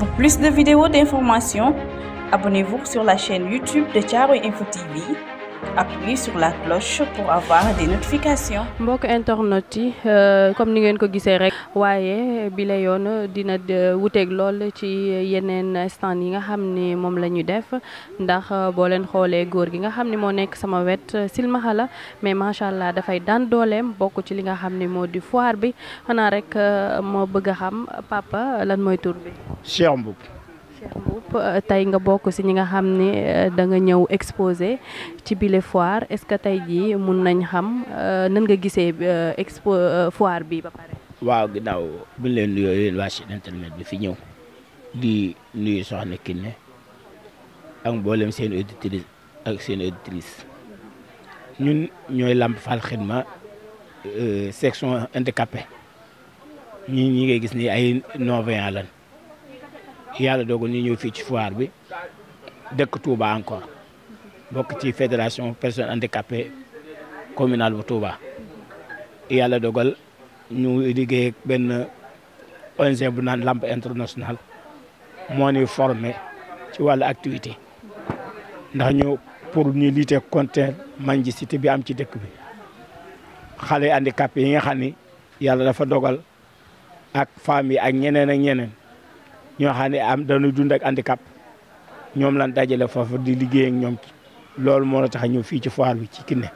Pour plus de vidéos d'informations, abonnez-vous sur la chaîne YouTube de Charo Info TV appuyez sur la cloche pour avoir des notifications. Mbok internet yi euh, comme ni ngeen ko gisee rek waaye bi la yoon dina wuteeg lol ci yenen stand yi nga xamni mom lañu def ndax euh, bo len xolé gor gi nga xamni mo nek sama wet euh, silmaxa mais macha allah fay daan dolem bokk ci li nga xamni mo di foire bi xana rek mo bëgg xam papa lan moy tur bi. Cheikh Euh, tey nga bokk si ñi nga xam ne euh, da nga ñëw exposé ci bile foire est-ce que tey jii mun nañ xam euh, nan nga gisee expo foire bi ba pare. waaw ginnaaw bi ñu leen nuyoo yéen waa bi fi ñëw di nuyu soxna Kiné ak mboolem seen auditrice ak seen ñun ñooy Lamp Fall Xidma section handicapé ñi ñi ngay gis ni ay non-voyants lan yàlla dogal ñu ñëw fii ci foire bi dëkk Touba encore bokk ci fédération personnes handicapées communale de Touba Yalla dogal ñu liggéey ben benn ONG bu naan lampe International mo ni formé ci wàllu activité ndax ñu pour ñu lutter contre mendicité bi am ci dëkk bi xalé handicapé yi nga xam yalla dafa dogal ak famille ak ñeneen ak ñeneen ñoo xam ne am dañuy dund ak handicap ñoom lan dajale foofu di liggéey ak ñoom loolu moo la tax a ñëw fii ci foire bi ci Kiné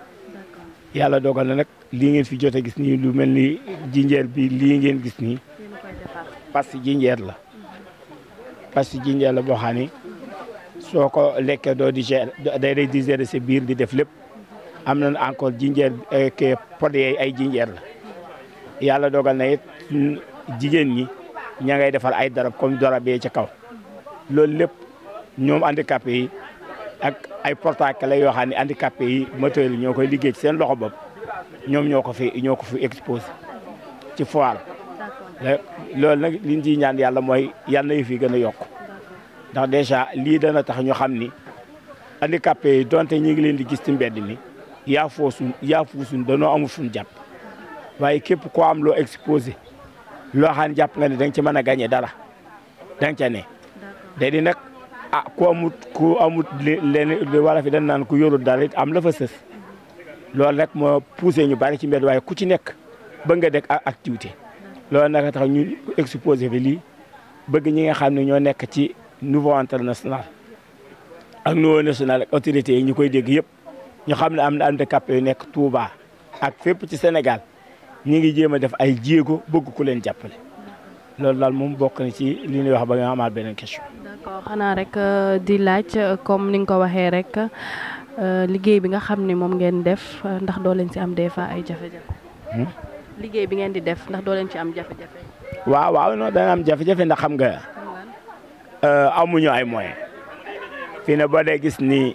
yàlla dogal na nag lii ngeen fi jot gis nii lu mel ni jinjeer bi lii ngeen gis nii parce que jinjeer la parce que jinjeer la boo xam soo ko lekkee doo digérer day day digérer sa biir di def lépp am na nañ encore jinjeer euh, ke pod ay jinjeer la yàlla dogal na it jigéen ñi ña ngay defar ay darab comme darab yee ci kaw loolu lépp ñoom handicapé yi ak ay porte-clés yoo xam ne handicapé yi moteur yi ñoo koy liggéey ci seen loxo bopp ñoom ñoo ko fi ñoo ko fi exposé ci foire eh, loolu nag liñ ciy ñaan yàlla mooy yal na yu fi gën a yokk ndax dèjà lii dana tax ñu xam ni handicapé yi donte ñu ngi leen di gis ci mbedd mi yaa foo suñ yaa foo suñ danoo amul suñ jàpp waaye képp koo am loo exposé loo xam ne jàpp nga ni da ci mën a gagné dara da ca ne. léegi nag ah ku ku amut lenn wala fi dañ naan ku yorul dara it am la fa sës mhm. loolu rek moo poussé ñu bari ci mbedd waaye ku ci nekk bëgg nga dëkk activité. loolu nag tax ñu exposé fi lii bëgg ñi nga xam ne ñoo nekk ci niveau international ak niveau national ak autorités yi ñu koy dégg yëpp ñu xam ne am na handicapés yu nekk Touba ak fépp ci Sénégal. ñu ngi jéem a def ay jéego bëgg ku leen jàppale loolu daal moom bokk na ci li ñuy wax ba nga amaat beneen question. xanaa rek euh, di laaj euh, comme ni nga ko waxee rek euh, liggéey bi nga xam ne moom ngeen def ndax doo leen ci am des fois ay jafe hmm? liggéey bi ngeen di def ndax doo leen ci am jafe-jafe. waaw waaw non dana am jafe-jafe ndax xam nga amuñu ay moyens fii ne boo dee gis ni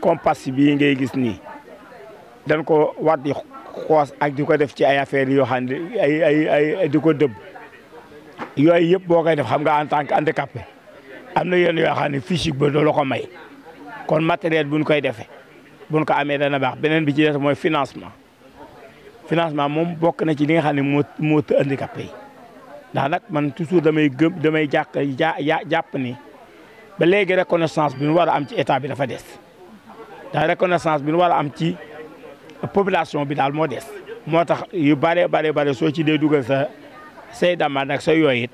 compas bii ngay gis nii dañ ko war di xoos ak di ko def ci ay affaires yoo xam ne ay ay ay di ko dëbb yooyu yëpp boo koy def xam nga en tant que handicapé am na yenn yoo xam ne physique ba doo la may kon matériel buñ koy defee buñ ko amee dana baax beneen bi ci des mooy financement financement moom bokk na ci li nga xam ne moo moo të handicapé yi ndax nag man toujours damay gëm damay jàq jàpp ni ba léegi reconnaissance bi ñu war a am ci état bi dafa des ndax reconnaissance bi war a am ci population bi daal moo des moo tax yu bare bare bare soo ci dee dugal sa sey dama nag sa yooyit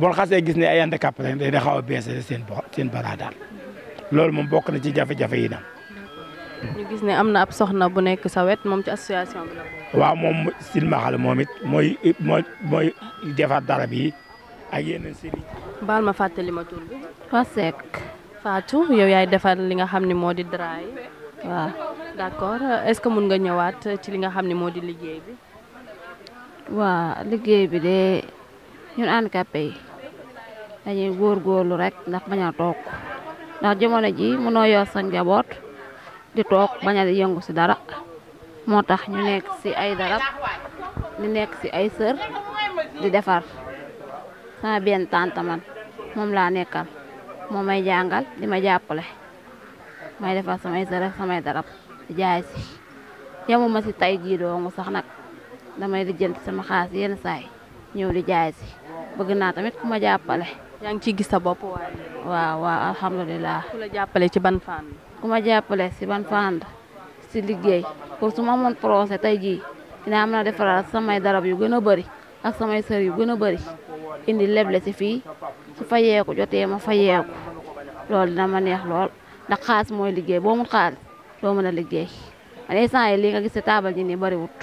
boo xasee gis ne ay handicap rek day xaw a baissé seen seen bara daal loolu moom bokk na ci jafe-jafe yi nag. ñu gis ne am na ab soxna bu nekk sa wet moom ci association bi la waa moom silmaxal moom it mooy mooy mooy defar dara bi ak yeneen série baal ma fàttali ma tur bi. Fatou Seck Fatou yow yaay defar li nga xam ne moo di draay waaw. d'accord est ce que mun nga ñëwaat ci li nga xam ne moo di liggéey bi waa liggéey bi de ñun handicapé yi dañuy góorgóorlu rek ndax bañ a toog ndax jamono ji mënoo yor sa njaboot di toog bañ a yëngu si dara moo tax ñu nekk si ay darab di nekk si ay sër di defar sama benn tante man moom laa nekkal moo may jàngal di ma jàppale may defar samay sër ak samay darab jaay si yemuma si tay jii doomu sax nag damay lijjanti sama xaas yenn saay ñëw di jaay si bëgg naa tamit ku ma jàppale. yaa ngi ciy gis sa bopp waaye. waaw waaw alhamdulilah. jàppale ci ban fànn. ku ma jàppale si ban fànn si liggéey pour su ma amoon projet tey jii dinaa mën a defaral samay darab yu gën a bëri ak samay sër yu gën a bëri indi leble si fii su fa yeeku jotee ma fayeeku loolu dina ma neex lool ndax xaalis mooy liggéey boo mu xaalis doo mën a liggéey man instant yi li nga gis taabal ji nii bariwut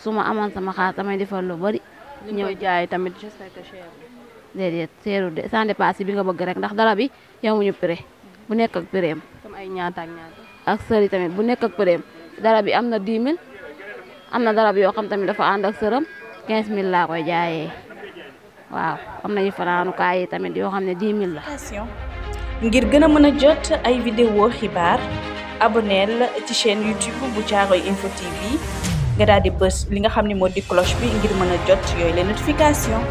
su ma amoon sama xaar damay defal lu bari. ñëw jaay tamit juste que cher. seeru de sans dépasse bi nga bëgg rek ndax dara bi yamuñu prix bu nekk ak prix am. comme ay ñaata ak ñaata. ak tamit bu nekk ak prix am dara bi am na 10 000 am na dara bi yoo xam tamit dafa ànd ak sëram 15000 laa koy jaayee waaw am nañu fanaanukaay yi tamit yoo xam ne 10 000 la. ngir gën a mën a jot ay vidéo xibaar. Abonnez-vous à ci chaîne YouTube bu Info TV nga daal di bës li nga xam ne cloche bi ngir mën a jot yooyu les notifications.